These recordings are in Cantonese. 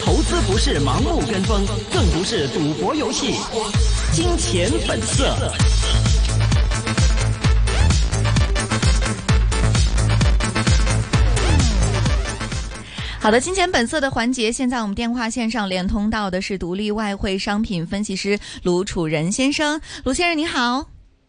投資不是盲目跟風，更不是賭博遊戲。金錢本色 好的，金錢本色的環節，現在我們電話線上連通到的是獨立外匯商品分析師盧楚仁先生。盧先生，你好。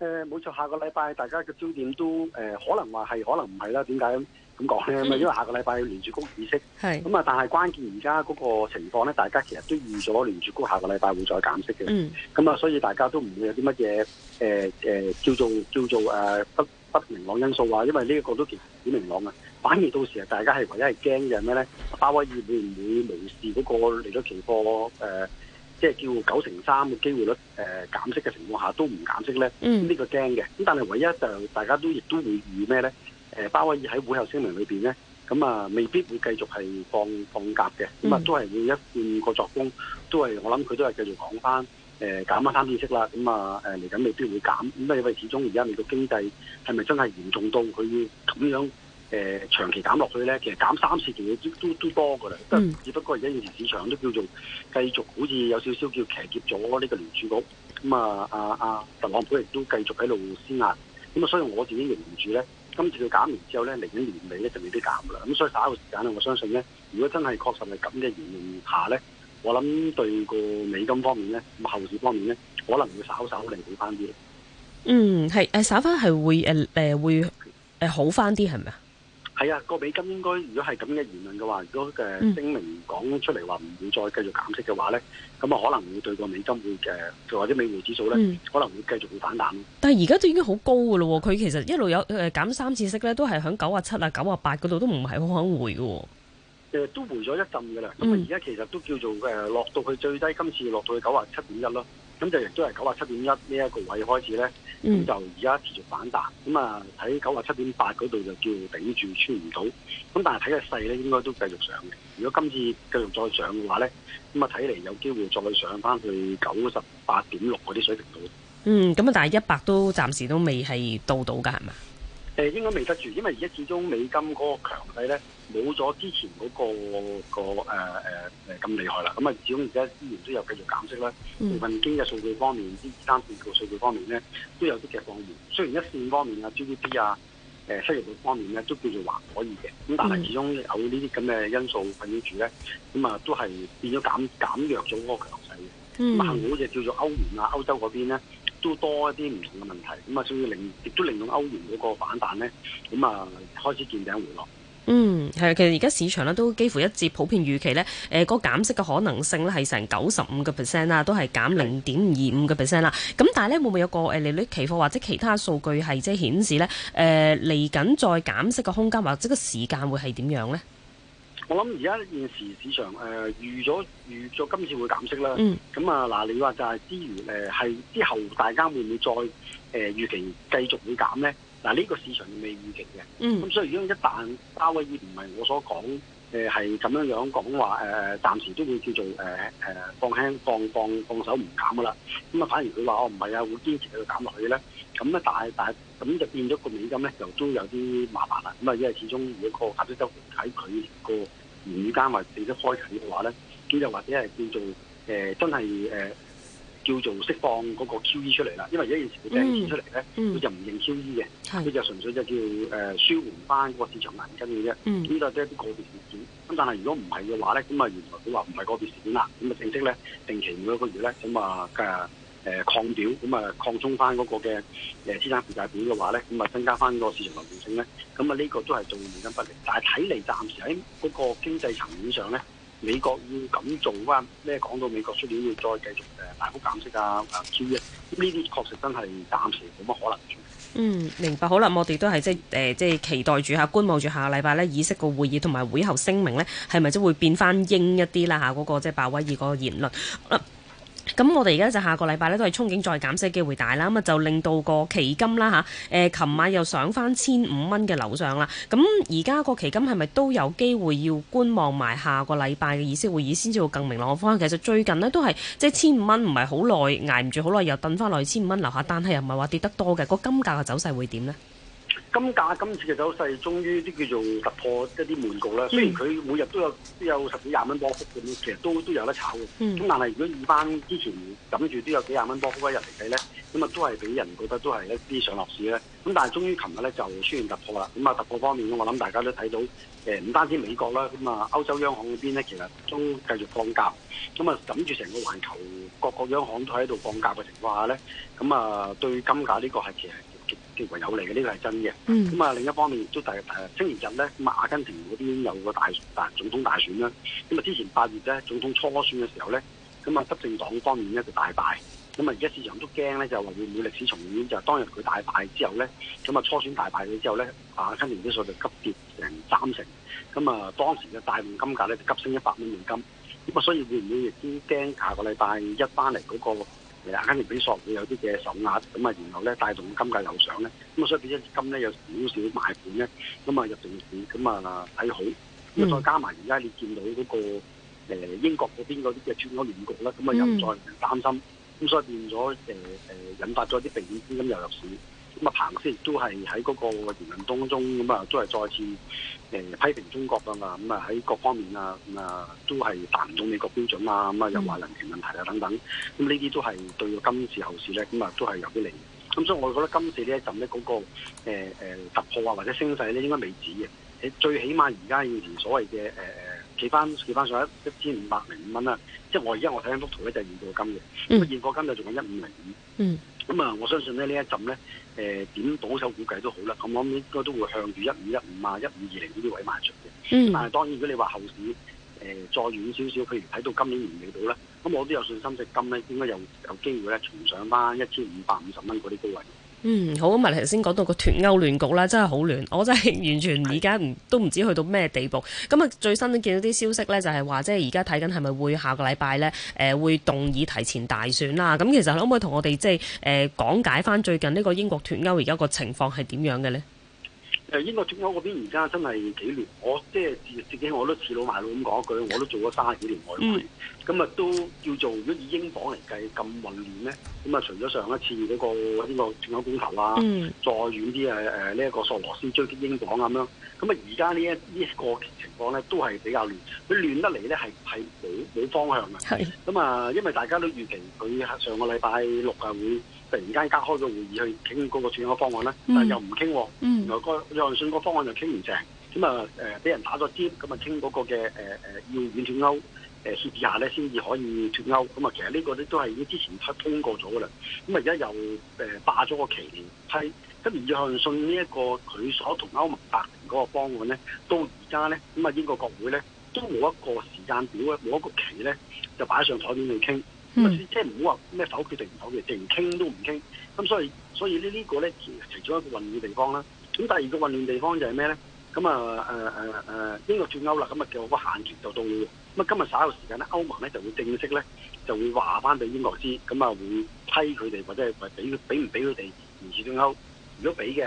誒冇錯，下個禮拜大家嘅焦點都誒可能話係，可能唔係啦。點解咁講咧？嗯、因為下個禮拜聯儲局議息，咁啊是，但係關鍵而家嗰個情況咧，大家其實都預咗聯儲局下個禮拜會再減息嘅。咁啊、嗯嗯，所以大家都唔會有啲乜嘢誒誒叫做叫做誒、啊、不不明朗因素啊。因為呢一個都其實幾明朗啊。反而到時候啊，大家係唯一係驚嘅咩咧？鮑威爾會唔會無視嗰個利率期貨誒？呃即係叫九成三嘅機會率，誒、呃、減息嘅情況下都唔減息咧，呢、嗯、個驚嘅。咁但係唯一就大家都亦都會預咩咧？包括喺會後聲明裏邊咧，咁、嗯、啊未必會繼續係放放夾嘅，咁、嗯、啊都係要一半個作風，都係我諗佢都係繼續講翻誒減翻三點息啦。咁、嗯、啊誒嚟緊未必會減，咁因為始終而家你個經濟係咪真係嚴重到佢要咁樣？誒、呃、長期減落去咧，其實減三次嘅嘢都都都多㗎啦。嗯、只不過而家現時市場都叫做繼續好似有少少叫騎劫咗呢個聯儲局。咁、嗯、啊，阿、啊、阿特朗普亦都繼續喺度施壓。咁、嗯、啊，所以我自己認住咧，今次佢減完之後咧，嚟緊年尾咧就未必減啦。咁、嗯、所以打一個時間咧，我相信咧，如果真係確實係咁嘅形勢下咧，我諗對個美金方面咧，咁後市方面咧，可能會稍稍利回翻啲。嗯，係誒，稍翻係會誒誒、呃呃、會誒好翻啲係咪啊？係啊，個美金應該如果係咁嘅言論嘅話，如果誒聲明講出嚟話唔會再繼續減息嘅話咧，咁啊、嗯、可能會對個美金會嘅，或者美匯指數咧，嗯、可能會繼續會反彈。但係而家都已經好高嘅咯，佢其實一路有誒、呃、減三次息咧、呃，都係喺九啊七啊九啊八嗰度，都唔係好肯回嘅。誒都回咗一陣嘅啦，咁啊而家其實都叫做誒、呃、落到去最低，今次落到去九啊七點一咯。咁就亦都係九十七點一呢一個位開始咧，咁就而家持續反彈，咁啊喺九十七點八嗰度就叫頂住穿唔到，咁但係睇個勢咧，應該都繼續上嘅。如果今次繼續再上嘅話咧，咁啊睇嚟有機會再上翻去九十八點六嗰啲水平度。嗯，咁啊但係一百都暫時都未係到到㗎係嘛？誒應該未得住，因為而家始終美金嗰個強勢咧，冇咗之前嗰、嗰個、嗰個誒誒咁厲害啦。咁啊，始終而家依然都有繼續減息啦。部、嗯、分經濟數據方面、啲二單變故數據方面咧，都有啲嘅放緩。雖然一線方面啊、GDP 啊、誒失業方面咧，都叫做還可以嘅。咁但係始終有呢啲咁嘅因素困擾住咧，咁、嗯、啊、嗯、都係變咗減減弱咗嗰個強勢嘅。咁啊、嗯，好似叫做歐元啊、歐洲嗰邊咧。都多一啲唔同嘅問題，咁啊，所以令亦都令到歐元嗰個反彈呢，咁啊開始見頂回落。嗯，係啊，其實而家市場呢，都幾乎一致普遍預期呢，誒嗰個減息嘅可能性呢，係成九十五個 percent 啦，都係減零點二五個 percent 啦。咁但係呢，會唔會有個誒利率期貨或者其他數據係即係顯示呢，誒嚟緊再減息嘅空間或者個時間會係點樣呢？我諗而家現時市場誒、呃、預咗預咗今次會減息啦，咁、嗯、啊嗱，你話就係、是、之餘誒係、呃、之後大家會唔會再誒、呃、預期繼續會減咧？嗱、啊，呢、這個市場未預期嘅，咁、嗯、所以如果一旦鮑威爾唔係我所講。誒係咁樣樣講話誒，暫時都會叫做誒誒、呃、放輕放放、放手唔減噶啦，咁、嗯、啊反而佢話我唔係啊，會堅持減去減落去咧。咁啊，但係但係咁就變咗個美金咧，就都有啲麻煩啦。咁、嗯、啊，因為始終如果個亞洲周喺佢個午間或者開啟嘅話咧，咁就或者係叫做誒、呃、真係誒。呃叫做釋放嗰個 QE 出嚟啦，因為有一件事佢掟錢出嚟咧，佢、嗯、就唔認 QE 嘅，佢是就純粹就叫誒、呃、舒緩翻嗰個市場銀根嘅啫。咁、嗯、就即係啲個別事件。咁但係如果唔係嘅話咧，咁啊原來佢話唔係個別事件啦，咁啊正式咧，定期每一個月咧，咁啊誒擴表，咁、嗯、啊擴充翻嗰個嘅誒資產負債表嘅話咧，咁啊增加翻嗰個市場流動性咧，咁啊呢個都係做現金不靈。但係睇嚟暫時喺嗰個經濟層面上咧。美國要咁做嘅，咩講到美國出面要再繼續誒大幅減息啊啊，呢啲確實真係暫時冇乜可能。嗯，明白。好啦，我哋都係即係誒，即、呃、係期待住嚇，觀望住下個禮拜咧，議息個會議同埋會後聲明咧，係咪即會變翻硬一啲啦？嚇、那個，嗰個即係鮑威爾嗰個言論。好啦。咁我哋而家就下個禮拜咧都係憧憬再減息機會大啦，咁啊就令到個期金啦吓，誒琴晚又上翻千五蚊嘅樓上啦。咁而家個期金係咪都有機會要觀望埋下個禮拜嘅議息會議先至會更明朗化？其實最近呢都係即係千五蚊，唔係好耐捱唔住，好耐又揼翻落去千五蚊樓下單，但係又唔係話跌得多嘅。個金價嘅走勢會點呢？金價今次嘅走勢終於都叫做突破一啲門局啦，雖然佢每日都有都有十幾廿蚊波幅，咁其實都都有得炒嘅。咁、嗯、但係如果以返之前諗住都有幾廿蚊波幅一日嚟計咧，咁啊都係俾人覺得都係一啲上落市咧。咁但係終於琴日咧就出現突破啦。咁啊突破方面，我諗大家都睇到，誒唔單止美國啦，咁啊歐洲央行嗰邊咧，其實都繼續降價。咁啊諗住成個環球各個央行都喺度降價嘅情況下咧，咁啊對金價呢個係其實。為有利嘅呢個係真嘅，咁啊另一方面亦都第誒星期日咧，咁啊阿根廷嗰邊有個大、大總統大選啦，咁啊之前八月咧總統初選嘅時候咧，咁啊執政黨方面咧就大敗，咁啊而家市場都驚咧，就話、是、會唔會歷史重演，就是、當日佢大敗之後咧，咁啊初選大敗咗之後咧，阿根廷啲數就急跌成三成，咁啊當時嘅大盤金價咧就急升一百蚊美金，咁啊所以會唔會亦都驚下個禮拜一翻嚟嗰個。係啦，嗯嗯、加上俾索會有啲嘅手壓，咁啊，然後咧帶動金價有上咧，咁啊，所以變咗金咧有少少買盤咧，咁啊入定市，咁啊睇好，咁再加埋而家你見到嗰個誒英國嗰邊嗰啲嘅轉咗亂局啦，咁啊又再唔擔心，咁所以變咗誒誒引發咗啲避險資金又入市。咁啊，彭斯亦都係喺嗰個言論當中，咁啊都係再次誒、呃、批評中國㗎嘛，咁啊喺各方面啊，咁啊都係達唔到美國標準啊，咁啊又話人權問題啊等等，咁呢啲都係對今次後市咧，咁啊都係有啲利。咁、嗯嗯、所以我覺得今次呢一陣咧，嗰個誒突破啊或者升勢咧，應該未止嘅。你最起碼而家以前所謂嘅誒誒企翻企翻上一一千五百零五蚊啦，即係我而家我睇緊幅圖咧就係現貨金嘅，咁現貨金就仲係一五零五。咁啊，我相信咧呢一陣咧，誒點保守估計都好啦。咁我應該都會向住一五一五啊、一五二零呢啲位賣出嘅。嗯。但係當然，如果你話後市誒、呃、再軟少少，譬如睇到今年年尾到咧，咁我都有信心呢，隻金咧應該有有機會咧重上翻一千五百五十蚊嗰啲高位。嗯，好。咁麥玲頭先講到個脫歐亂局啦，真係好亂。我真係完全而家唔都唔知去到咩地步。咁啊，最新咧見到啲消息咧，就係話即係而家睇緊係咪會下個禮拜咧誒會動議提前大選啦。咁其實可唔可以同我哋即係誒講解返最近呢個英國脫歐而家個情況係點樣嘅咧？誒英國政黨嗰邊而家真係幾亂，我即係自自己我都似老賣老咁講一句，我都做咗三十幾年外匯，咁啊都叫做如果以英鎊嚟計咁混亂咧，咁啊除咗上一次嗰、這個呢、這個政黨公投啊，嗯、再遠啲誒誒呢一、呃這個索羅斯追擊英鎊咁樣，咁啊而家呢一呢一個情況咧都係比較亂，佢亂得嚟咧係係冇冇方向嘅，咁啊是因為大家都預期佢上個禮拜六啊會,會。突然間隔開咗會議去傾嗰個脫歐方案咧，但又唔傾。然、嗯、來、那個約翰遜個方案又傾唔成，咁啊誒俾人打咗尖，咁啊傾嗰個嘅誒誒要軟脫歐誒協議下咧，先至可以脫歐。咁啊，其實呢個咧都係已經之前通通過咗噶啦。咁啊，而家又誒霸咗個旗，限期，咁約翰遜呢一個佢所同歐盟達成嗰個方案咧，到而家咧，咁啊英國國會咧都冇一個時間表咧，冇一個旗咧就擺上台面去傾。嗯、即係唔好話咩否決定唔否決，直情傾都唔傾。咁所以所以呢呢個咧，其中一個混亂地方啦。咁第二個混亂地方就係咩咧？咁啊誒誒誒英國脫歐啦。咁啊，叫個限住就到了。咁啊，今日稍後時間咧，歐盟咧就會正式咧就會話翻俾英國知，咁啊會批佢哋或者係俾俾唔俾佢哋延遲脫歐。如果俾嘅誒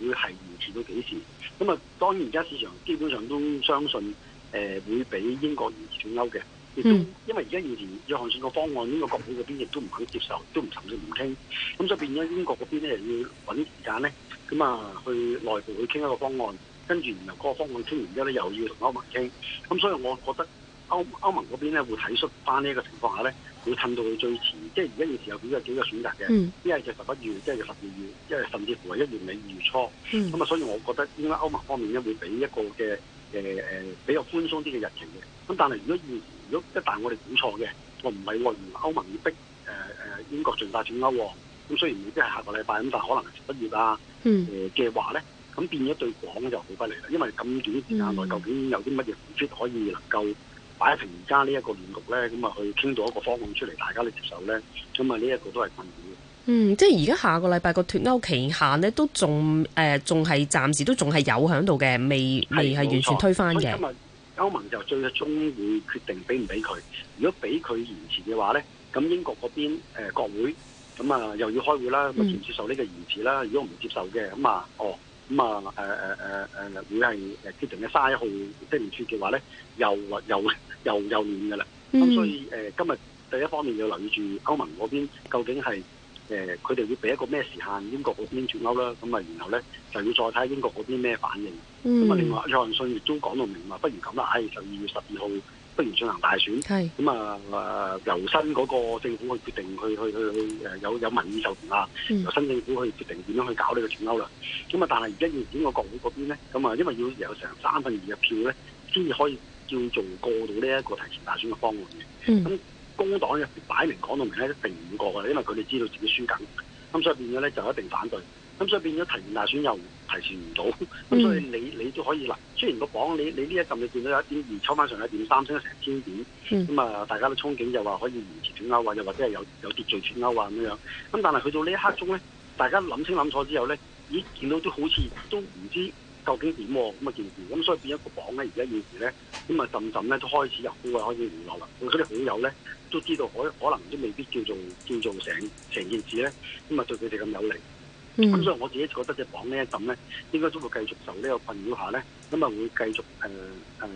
會係延遲到幾時？咁啊，當然而家市場基本上都相信誒、呃、會俾英國延遲脫歐嘅。嗯、因為而家現時，約翰遜個方案英國國會嗰邊亦都唔肯接受，都唔甚至唔傾，咁所以變咗英國嗰邊咧要揾時間咧，咁、嗯、啊去內部去傾一個方案，跟住然後個方案傾完之後咧又要同歐盟傾，咁所以我覺得歐歐盟嗰邊咧會睇恤翻呢個情況下咧，會褪到去最遲，即係而家要時候有幾個幾個選擇嘅，一係就十一月，即係十二月，即係甚至乎係一月尾二月初，咁啊、嗯，所以我覺得應該歐盟方面咧會俾一個嘅。誒誒比較寬鬆啲嘅日程嘅，咁但係如果如如果一旦我哋估錯嘅，我唔係話歐盟要逼誒誒英國盡快轉歐喎，咁雖然未必係下個禮拜咁，但係可能十一月啊誒嘅話咧，咁、嗯呃、變咗對港就好不利啦。因為咁短時間內究竟有啲乜嘢措施可以能夠擺平而家呢一個亂局咧，咁啊去傾到一個方案出嚟，大家嚟接受咧，咁啊呢一個都係困難嘅。嗯，即係而家下個禮拜個脫歐期限咧，都仲誒仲係暫時都仲係有喺度嘅，未未係完全推翻嘅。今日歐盟就最終會決定俾唔俾佢。如果俾佢延遲嘅話咧，咁英國嗰邊誒國會咁啊又要開會啦，要接受呢個延遲啦。如果唔接受嘅，咁啊哦，咁啊誒誒誒誒會係誒決定嘅卅一號即唔脫嘅話咧，又又又又亂噶啦。咁所以誒今日第一方面要留意住歐盟嗰邊究竟係。嗯嗯嗯嗯嗯嗯嗯誒，佢哋會俾一個咩時限英國嗰邊脫歐啦，咁啊，然後咧就要再睇下英國嗰邊咩反應。咁啊、嗯，另外，約翰遜亦都講到明話，不如咁啦，誒，就十二月十二號，不如進行大選。係咁是、嗯、啊，由新嗰個政府去決定去，去去去去誒，有有民意授權啊？嗯、由新政府去決定點樣去搞呢個脫歐啦。咁啊，但係而家現時個國會嗰邊咧，咁啊，因為要有成三分二入票咧，先至可以叫做過到呢一個提前大選嘅方案嘅。嗯。工黨咧擺明講到明咧，一定唔過㗎喇，因為佢哋知道自己輸緊，咁所以變咗咧就一定反對，咁所以變咗提前大選又提示唔到，咁所以你你都可以嗱，雖然個榜你你呢一陣你見到有一點二抽翻上一點三升咗成千點，咁啊大家都憧憬就話可以延遲脫歐啊，又或者係有有秩序脫歐啊咁樣，咁但係去到呢一刻中咧，大家諗清諗楚之後咧，咦見到都好似都唔知。究竟點喎、啊？咁啊件事，咁、嗯、所以變一個榜咧，而家現時咧，咁啊浸浸咧都開始入，啲嘅開始聯絡啦。咁嗰啲好友咧都知道可可能都未必叫做叫做成成件事咧，咁啊對佢哋咁有利。咁、嗯、所以我自己覺得隻榜一陣呢一浸咧，應該都會繼續受呢個困擾下咧，咁啊會繼續誒誒誒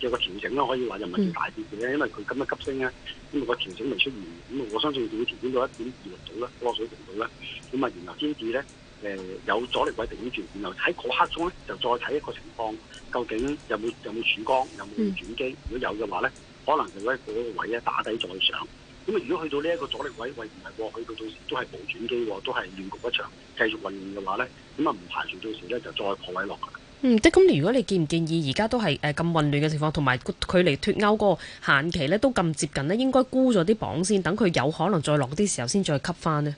即係個調整啦，可以話又唔係大跌嘅、嗯，因為佢咁樣急升咧，咁啊個調整未出現，咁、嗯、我相信會調整到一點二六度啦，落水程度啦，咁啊然後先至咧。呢呢呢呢呢呢呢呢誒、呃、有阻力位定住，然後喺嗰刻中咧就再睇一個情況，究竟有冇有冇曙光，有冇轉機？嗯、如果有嘅話咧，可能就喺嗰個位咧打底再上。咁啊，如果去到呢一個阻力位位唔係過去，佢到時都係冇轉機喎，都係亂局一場。繼續混亂嘅話咧，咁啊唔排除到時咧就再破位落去。嗯，即咁你如果你建唔建議而家都係誒咁混亂嘅情況，同埋距離脱歐個限期咧都咁接近咧，應該沽咗啲鎊先，等佢有可能再落啲時候先再吸翻咧？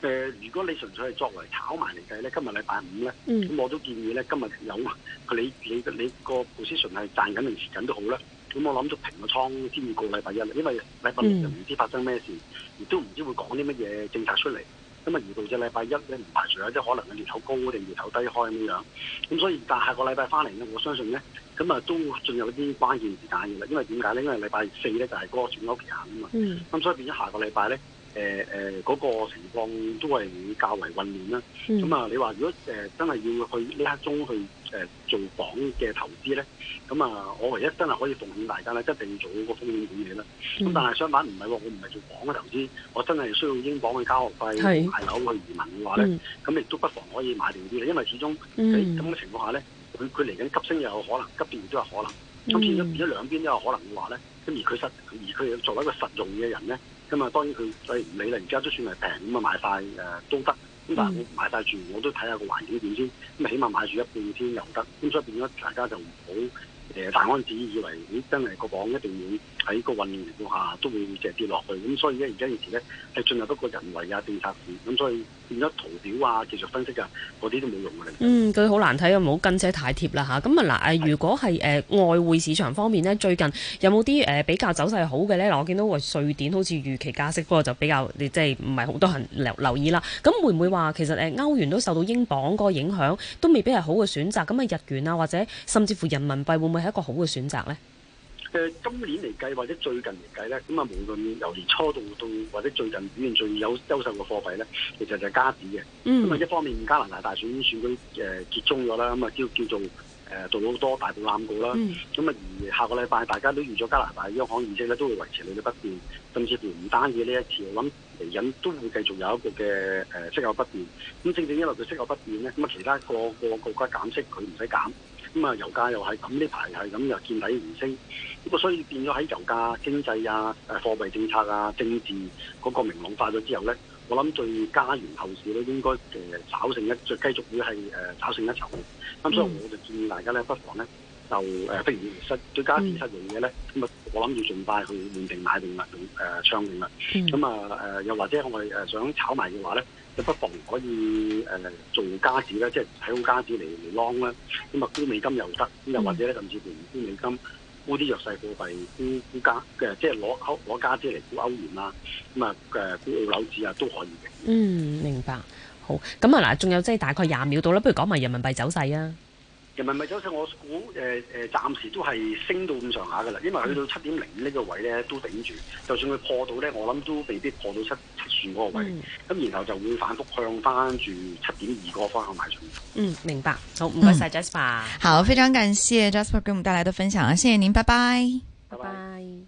誒，如果你純粹係作為炒埋嚟計咧，今日禮拜五咧，咁、嗯、我都建議咧，今日有你你你個 position 係賺緊定蝕緊都好啦。咁我諗咗平個倉先至過禮拜一啦，因為禮拜六就唔知發生咩事，亦都唔知會講啲乜嘢政策出嚟。咁啊，而到只禮拜一咧，唔排除有即可能嘅月頭高定月頭低開咁樣樣。咁所以，但下個禮拜翻嚟咧，我相信咧，咁啊都進入一啲關鍵時間嘅啦。因為點解咧？因為禮拜四咧就係嗰個轉樓期啊嘛。咁、嗯、所以變咗下個禮拜咧。誒誒嗰個情況都係會較為混亂啦。咁啊、嗯，你話、嗯、如果誒真係要去呢一刻鐘去誒做鎊嘅投資咧，咁啊，我唯一真係可以奉勸大家咧，一定要做好個風險管理啦。咁但係相反唔係喎，我唔係做鎊嘅投資，我真係需要英鎊去交學費、是買樓去移民嘅話咧，咁亦都不妨可以買定啲啦。因為始終喺咁嘅情況下咧，佢佢嚟緊急升又有可能，急跌亦都有可能，咁、嗯、變咗變咗兩邊都有可能嘅話咧。咁而佢實，而佢作為一個實用嘅人咧，咁啊當然佢誒理論而家都算係平，咁啊買晒誒、呃、都得，咁但係我買晒住我都睇下個環境點先，咁起碼買住一半天又得，咁所以變咗大家就唔好。大、呃、安子以為咦，真係個鎊一定會喺個運營下都會成跌落去，咁、嗯、所以而家有時呢係進入一個人為啊政策市咁、嗯、所以變咗圖表啊技術分析啊嗰啲都冇用嘅。嗯，佢好難睇啊，冇跟車太貼啦嚇。咁啊嗱，誒如果係誒、呃、外匯市場方面呢，最近有冇啲誒比較走勢好嘅呢？嗱，我見到誒瑞典好似預期加息，不、那、過、個、就比較即係唔係好多人留留意啦。咁會唔會話其實誒、呃、歐元都受到英鎊個影響，都未必係好嘅選擇？咁啊日元啊，或者甚至乎人民幣會唔會一個好嘅選擇咧？誒、呃，今年嚟計或者最近嚟計咧，咁啊，無論由年初到到或者最近表現最有優秀嘅貨幣咧，其實就係加紙嘅。咁啊、嗯，一方面加拿大大選選舉誒、呃、結束咗啦，咁啊叫叫做誒，度、呃、到多大暴濫股啦。咁啊、嗯，而下個禮拜大家都預咗加拿大央行議息咧都會維持利率不變，甚至乎唔單止呢一次，我諗嚟緊都會繼續有一個嘅誒、呃、息口不變。咁正正因為佢息口不變咧，咁啊其他各個各個國家減息佢唔使減。咁啊，油價又係咁呢排係咁又見底，回升，咁啊所以變咗喺油價、經濟啊、誒貨幣政策啊、政治嗰個明朗化咗之後咧，我諗最加完後市咧應該誒炒勝一再繼續會係誒炒勝一籌嘅。咁所以我就建議大家咧，不妨咧。就誒，不如失啲家資失用嘅咧，咁啊，我諗住盡快去換定買定物，誒，暢定物。咁啊，誒，又或者我哋誒想炒賣嘅話咧，不妨可以誒，做家資啦，即係睇用家資嚟嚟攏啦。咁啊，沽美金又得，又或者咧，甚至乎沽美金，沽啲弱勢貨幣，沽沽加嘅，即係攞歐攞家資嚟沽歐元啦。咁啊，誒沽澳紐紙啊，都可以嘅。嗯，明白。好，咁啊嗱，仲有即係大概廿秒到啦，不如講埋人民幣走勢啊。人民幣走勢，我估誒誒暫時都係升到咁上下嘅啦。因為去到七點零呢個位咧都頂住，就算佢破到咧，我諗都未必破到七七線嗰個位。咁、嗯、然後就會反覆向翻住七點二個方向買進。嗯，明白。好，唔該晒 Jasper、嗯。好，非常感謝 Jasper 給我們帶來的分享啊！謝謝您，拜拜。拜拜 bye。Bye bye。